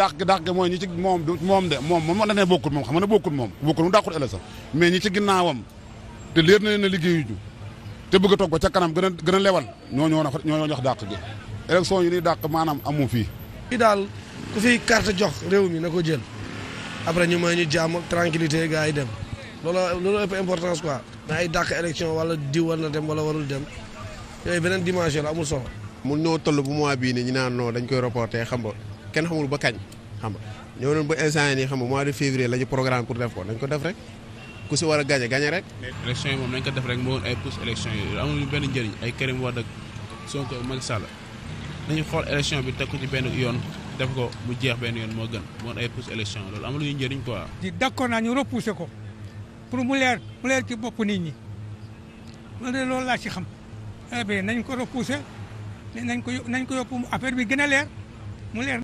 dàq dàq ga mooy ñi ci moom du moom de moom moom da ne bokkut moom xam nga ne bokkut moom bokkut mu dàqut ëllëg sax mais ñi ci ginnaawam te leer na leen ne liggéeyuñu te bëgg a toog ba ca kanam gën a gën a lewal ñooñu woon ñooñu jox dàq gi élection yi ñuy dàq maanaam amu fii fii daal ku fi carte jox réew mi na ko jël après ñu may ñu jàmm tranquillité gars yi dem loolu loolu ëpp importance quoi mais ay dàq élection wala diw war na dem wala warul dem yooyu beneen dimension la amul solo mun ñoo toll bu mois bii ni ñu naan non dañ koy reporté xam nga kenn xamul ba kañ xam nga ñëw nañ ba xam nga mois de février la ñu programme pour def ko dañ ko def rek ku si war a gagné gagné rek. élection yi moom nañ ko def rek moo ay pousse élection yi amuñu benn njëriñ ay Karim Wade ak Sonko ak Macky Sall nañu xool bi teg ko ci benn yoon def ko mu jeex benn yoon moo gën moo ay pousse élection loolu amuñu njëriñ quoi. di d'accord naa ñu repoussé ko pour mu leer mu leer ci bopp nit ñi man de loolu laa ci xam eh nañ ko repoussé nañ ko nañ ko affaire bi gën a leer mu leer.